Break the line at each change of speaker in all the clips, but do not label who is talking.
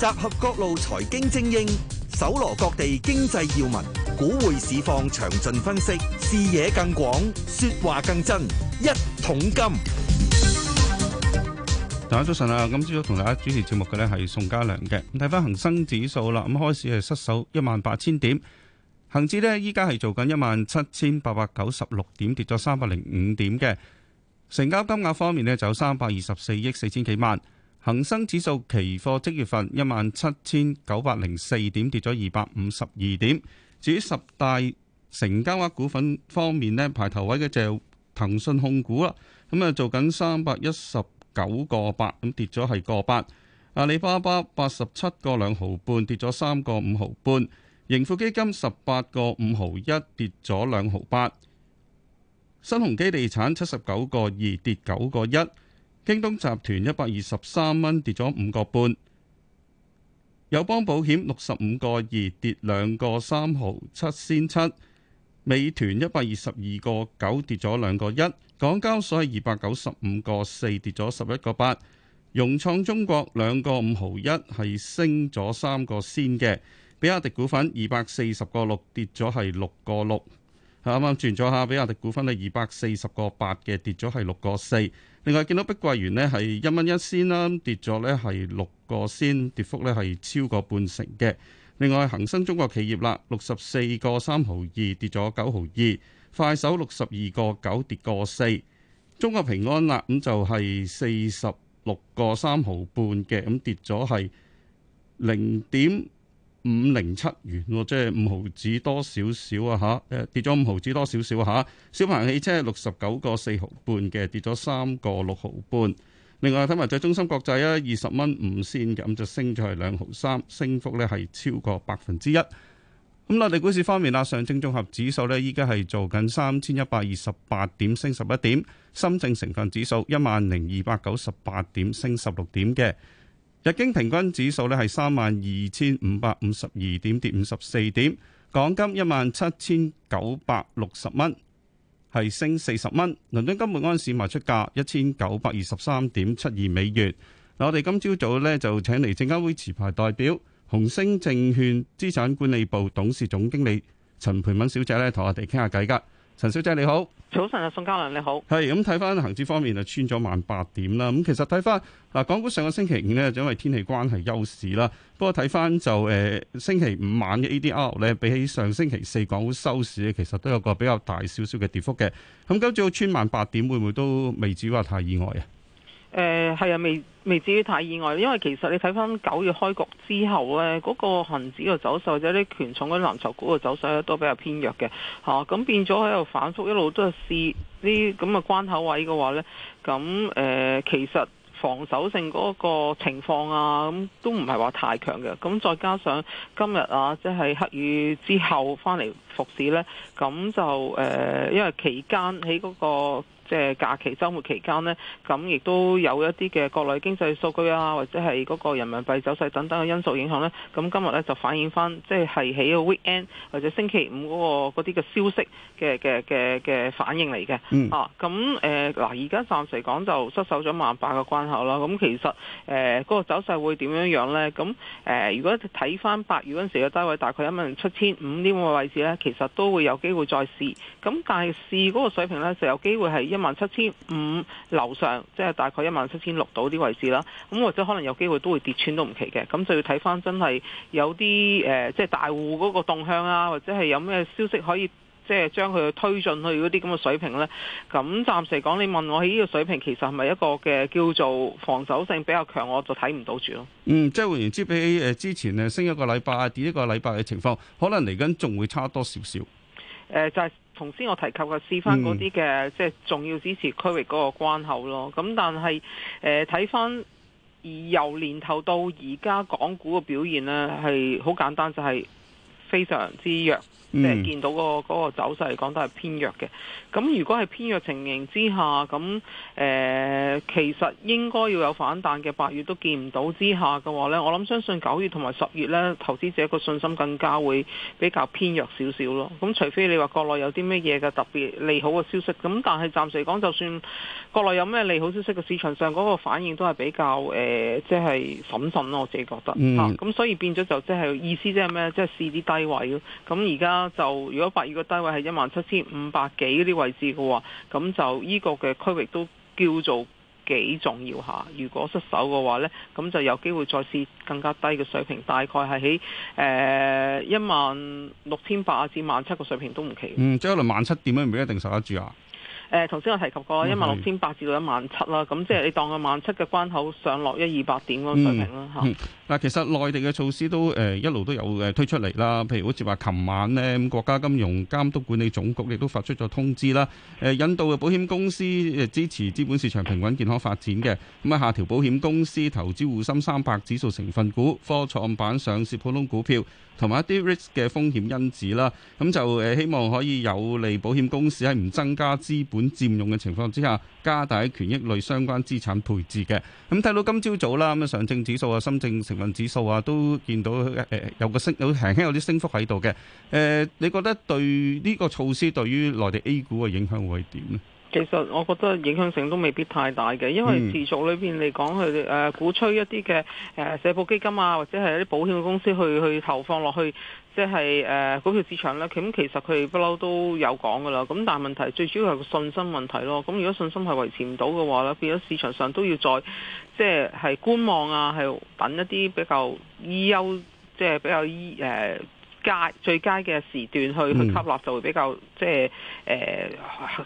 集合各路財經精英，搜羅各地經濟要聞，股匯市況詳盡分析，視野更廣，說話更真，一桶金。大家早晨啊！今朝早同大家主持節目嘅呢係宋家良嘅。睇翻恒生指數啦，咁開始係失守一萬八千點，恒指呢，依家係做緊一萬七千八百九十六點，跌咗三百零五點嘅。成交金額方面呢，就有三百二十四億四千幾萬。恒生指數期貨即月份一萬七千九百零四點，跌咗二百五十二點。至於十大成交額股份方面呢，排頭位嘅就騰訊控股啦，咁啊做緊三百一十九個八，咁跌咗一個八。阿里巴巴八十七個兩毫半，跌咗三個五毫半。盈富基金十八個五毫一，跌咗兩毫八。新鴻基地產七十九個二，跌九個一。京東集團一百二十三蚊跌咗五個半。友邦保險六十五個二跌兩個三毫七先七。美團一百二十二個九跌咗兩個一。港交所係二百九十五個四跌咗十一個八。融創中國兩個五毫一係升咗三個先嘅。比亞迪股份二百四十個六跌咗係六個六。啱啱轉咗下，比亞迪股份呢係二百四十個八嘅，跌咗係六個四。另外見到碧桂園呢係一蚊一仙啦，跌咗呢係六個仙，跌幅呢係超過半成嘅。另外恒生中國企業啦，六十四個三毫二跌咗九毫二。快手六十二個九跌個四。中國平安啦，咁就係四十六個三毫半嘅，咁跌咗係零點五零七元，即係五毫子多少少啊吓，誒、呃、跌咗五毫子多少少吓。小鵬汽車六十九個四毫半嘅，跌咗三個六毫半。另外睇埋最中芯國際啊，二十蚊五仙咁就升咗係兩毫三，升幅咧係超過百分之一。咁啦，內地、嗯、股市方面啦，上證綜合指數呢，依家係做緊三千一百二十八點，升十一點；深證成分指數一萬零二百九十八點,升點，升十六點嘅。日經平均指數咧，係三萬二千五百五十二點，跌五十四點。港金一萬七千九百六十蚊，係升四十蚊。倫敦金每安士賣出價一千九百二十三點七二美元。嗱，我哋今朝早咧就請嚟證監會持牌代表、紅星證券資產管理部董事總經理陳蓓敏小姐咧，同我哋傾下偈噶。陳小姐你好，早晨啊。宋嘉良你好。係咁睇翻恒指方面就穿咗萬八點啦。咁其實睇翻嗱，港股上個星期五呢，就因為天氣關係休市啦。不過睇翻就、誒、呃，星期五晚嘅 ADR 咧，比起上星期四港股收市嘅，其實都有個比較大少少嘅跌幅嘅。咁今朝穿萬八點，會唔會都未至於話太意外啊？
誒係啊，未未、呃、至於太意外，因為其實你睇翻九月開局之後呢，嗰、那個恆指嘅走勢，或者啲權重嗰啲藍籌股嘅走勢都比較偏弱嘅嚇。咁、啊、變咗喺度反覆一路都係試啲咁嘅關口位嘅話呢。咁誒、呃、其實防守性嗰個情況啊，咁都唔係話太強嘅。咁再加上今日啊，即、就、係、是、黑雨之後翻嚟復市呢，咁就誒、呃，因為期間喺嗰、那個。即係假期週末期間呢，咁亦都有一啲嘅國內經濟數據啊，或者係嗰個人民幣走勢等等嘅因素影響呢。咁今日呢，就反映翻，即係係喺 weekend 或者星期五嗰、嗰個嗰啲嘅消息嘅嘅嘅嘅反應嚟嘅。Mm. 啊，咁誒嗱，而、呃、家暫時嚟講就失守咗萬八嘅關口啦。咁其實誒嗰、呃嗰個走勢會點樣樣呢？咁誒、呃、如果睇翻八月嗰陣時嘅低位，大概一萬七千五呢個位置呢，其實都會有機會再試。咁但係試嗰個水平呢，就有機會係一。萬七千五樓上，即係大概一萬七千六到啲位置啦。咁或者可能有機會都會跌穿都唔奇嘅。咁就要睇翻真係有啲誒，即係大戶嗰個動向啊，或者係有咩消息可以即係將佢推進去嗰啲咁嘅水平呢。咁暫時講，你問我喺呢個水平其實係咪一個嘅叫做防守性比較強，我就睇唔到住咯。
嗯，即係換言之，比起之前升一個禮拜跌一個禮拜嘅情況，可能嚟緊仲會差多少少。
誒、呃、就係、是、頭先我提及嘅試翻嗰啲嘅，嗯、即係重要支持區域嗰個關口咯。咁但係誒睇翻由年頭到而家港股嘅表現呢，係好簡單就係、是。非常之弱，
即、呃、誒見
到、那個嗰、那個走勢嚟講都係偏弱嘅。咁如果係偏弱情形之下，咁誒、呃、其實應該要有反彈嘅八月都見唔到之下嘅話呢，我諗相信九月同埋十月呢，投資者個信心更加會比較偏弱少少咯。咁除非你話國內有啲咩嘢嘅特別利好嘅消息，咁但係暫時嚟講就算國內有咩利好消息，嘅市場上嗰、那個反應都係比較誒，即係審慎咯。我自己覺得咁、嗯啊、所以變咗就即、就、係、是、意思即係咩？即、就、係、是、試啲低。低位，咁而家就如果百二個低位係一萬七千五百幾啲位置嘅話，咁就呢個嘅區域都叫做幾重要吓。如果失守嘅話呢，咁就有機會再試更加低嘅水平，大概係喺誒一萬六千八至萬七嘅水平都唔奇。
嗯，即係可能萬七點咧，唔一定守得住啊。
誒，頭先我提及過一萬六千八至到一萬七啦，咁、嗯、即係你當個萬七嘅關口上落一二百點咁水
平啦嚇。嗱、嗯，是其實內地嘅措施都誒、呃、一路都有誒推出嚟啦，譬如好似話，琴晚呢，國家金融監督管理總局亦都發出咗通知啦，誒、啊、引導嘅保險公司誒支持資本市場平穩健康發展嘅，咁啊下調保險公司投資滬深三百指數成分股、科創板上市普通股票同埋一啲 risk 嘅風險因子啦，咁、啊啊、就誒、啊、希望可以有利保險公司喺唔增加資本佔用嘅情況之下，加大喺權益類相關資產配置，嘅咁睇到今朝早啦，咁啊，上證指數啊、深證成分指數啊，都見到誒有個升有輕輕有啲升幅喺度嘅，誒，你覺得對呢個措施對於內地 A 股嘅影響會係點呢？
其實我覺得影響性都未必太大嘅，因為持續裏邊嚟講，佢哋、呃、誒鼓吹一啲嘅誒社保基金啊，或者係一啲保險公司去去投放落去，即係誒股票市場咧。咁其實佢哋不嬲都有講噶啦。咁但係問題最主要係個信心問題咯。咁如果信心係維持唔到嘅話咧，變咗市場上都要再即係係觀望啊，係等一啲比較優優，即係比較優誒佳最佳嘅時段去去吸納就會比較。嗯即係誒，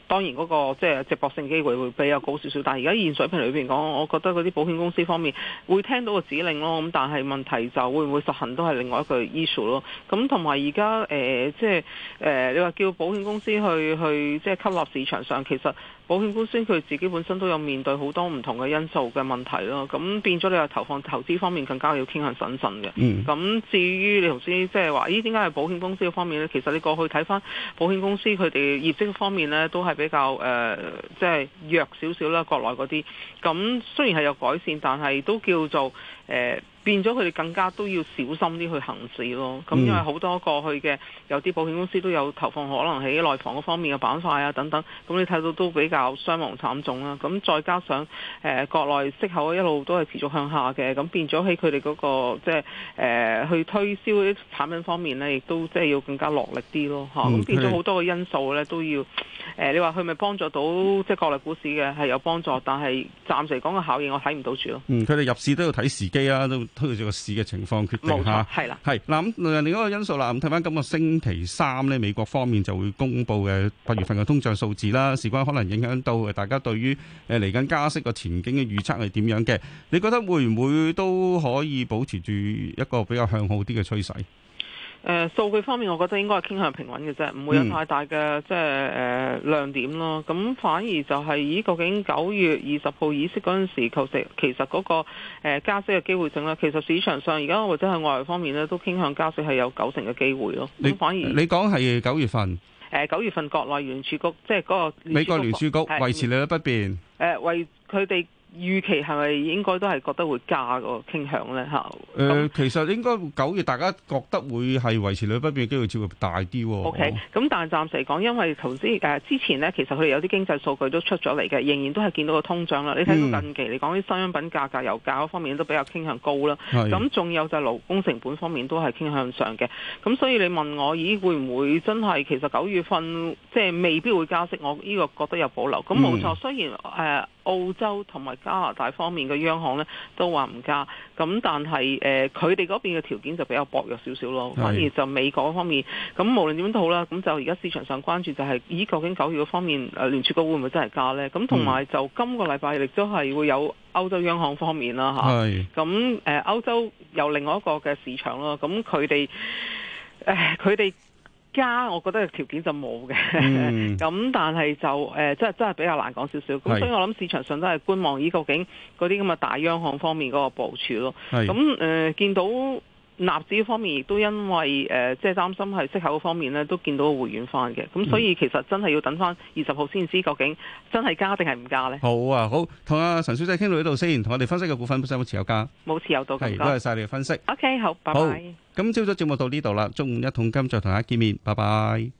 當然嗰、嗰個即係值博性機會會比較高少少，但係而家現水平裏邊講，我覺得嗰啲保險公司方面會聽到個指令咯。咁但係問題就會唔會實行都係另外一個 issue 咯。咁同埋而家誒，即係誒，你話叫保險公司去去即係、即係、吸納市場上，其實保險公司佢自己本身都有面對好多唔同嘅因素嘅問題咯。咁變咗你話投放投資方面更加要傾向審慎嘅。咁、嗯、至於你頭先即係話，咦？點解係保險公司方面呢？其實你過去睇翻保險公司。啲佢哋業績方面咧，都係比較誒，即、呃、係、就是、弱少少啦。國內嗰啲，咁雖然係有改善，但係都叫做誒。呃變咗佢哋更加都要小心啲去行事咯，咁、嗯、因為好多過去嘅有啲保險公司都有投放可能喺內房嗰方面嘅板塊啊等等，咁你睇到都比較傷亡慘重啦、啊。咁再加上誒、呃、國內息口一路都係持續向下嘅，咁變咗喺佢哋嗰個即係誒去推銷啲產品方面呢，亦都即係要更加落力啲咯嚇。咁、嗯、變咗好多個因素咧都要誒、呃，你話佢咪幫助到即係國內股市嘅係有幫助，但係暫時嚟講嘅考驗我睇唔到住咯。
佢哋、嗯、入市都要睇時機啊。都。推住個市嘅情況決定吓，係啦，係嗱，咁另外，另一個因素啦，咁睇翻今個星期三咧，美國方面就會公布嘅八月份嘅通脹數字啦，事關可能影響到誒大家對於誒嚟緊加息個前景嘅預測係點樣嘅？你覺得會唔會都可以保持住一個比較向好啲嘅趨勢？
誒、呃、數據方面，我覺得應該係傾向平穩嘅啫，唔會有太大嘅即係亮點咯。咁反而就係、是、咦，究竟九月二十號議息嗰陣時，其實其實嗰個、呃、加息嘅機會性呢？其實市場上而家或者係外圍方面呢，都傾向加息係有九成嘅機會咯。你反而你
講係九月份？
誒九、呃、月份國內原聯儲局即係嗰個美國聯儲局維持
利率不變。
誒、呃呃、為佢哋。預期係咪應該都係覺得會加個傾向呢？嚇？誒，
其實應該九月大家覺得會係維持兩不變嘅機會，就會大啲喎。O K，
咁但係暫時嚟講，因為頭先誒之前呢，其實佢哋有啲經濟數據都出咗嚟嘅，仍然都係見到個通脹啦。你睇到近期嚟講啲商品價格、油價嗰方面都比較傾向高啦。咁仲有就係勞工成本方面都係傾向上嘅。咁所以你問我，咦會唔會真係其實九月份即係未必會加息？我呢個覺得有保留。咁冇錯，雖然誒。澳洲同埋加拿大方面嘅央行呢都話唔加，咁但係誒佢哋嗰邊嘅條件就比較薄弱少少咯，是反而就美國方面，咁無論點都好啦，咁就而家市場上關注就係、是、咦究竟九月嘅方面誒聯儲局會唔會真係加呢，咁同埋就今個禮拜亦都係會有歐洲央行方面啦吓，咁誒歐洲有另外一個嘅市場咯，咁佢哋誒佢哋。呃而家我覺得條件就冇嘅，咁、嗯、 但係就誒，即、呃、係真係比較難講少少。咁是所以我諗市場上都係觀望依究竟嗰啲咁嘅大央行方面嗰個部署咯。咁誒是、嗯呃，見到。納指方面亦都因為誒、呃，即係擔心係息口方面咧，都見到回軟翻嘅。咁所以其實真係要等翻二十號先知究竟真係加定係唔加咧。
好啊，好，同阿陳小姐傾到呢度先，同我哋分析嘅股份本身有冇持有加？
冇持有到咁多。係是，多謝晒你嘅分析。O、okay, K，好，好，拜拜。好，
咁朝早節目到呢度啦，中午一桶金再同大家見面，拜拜。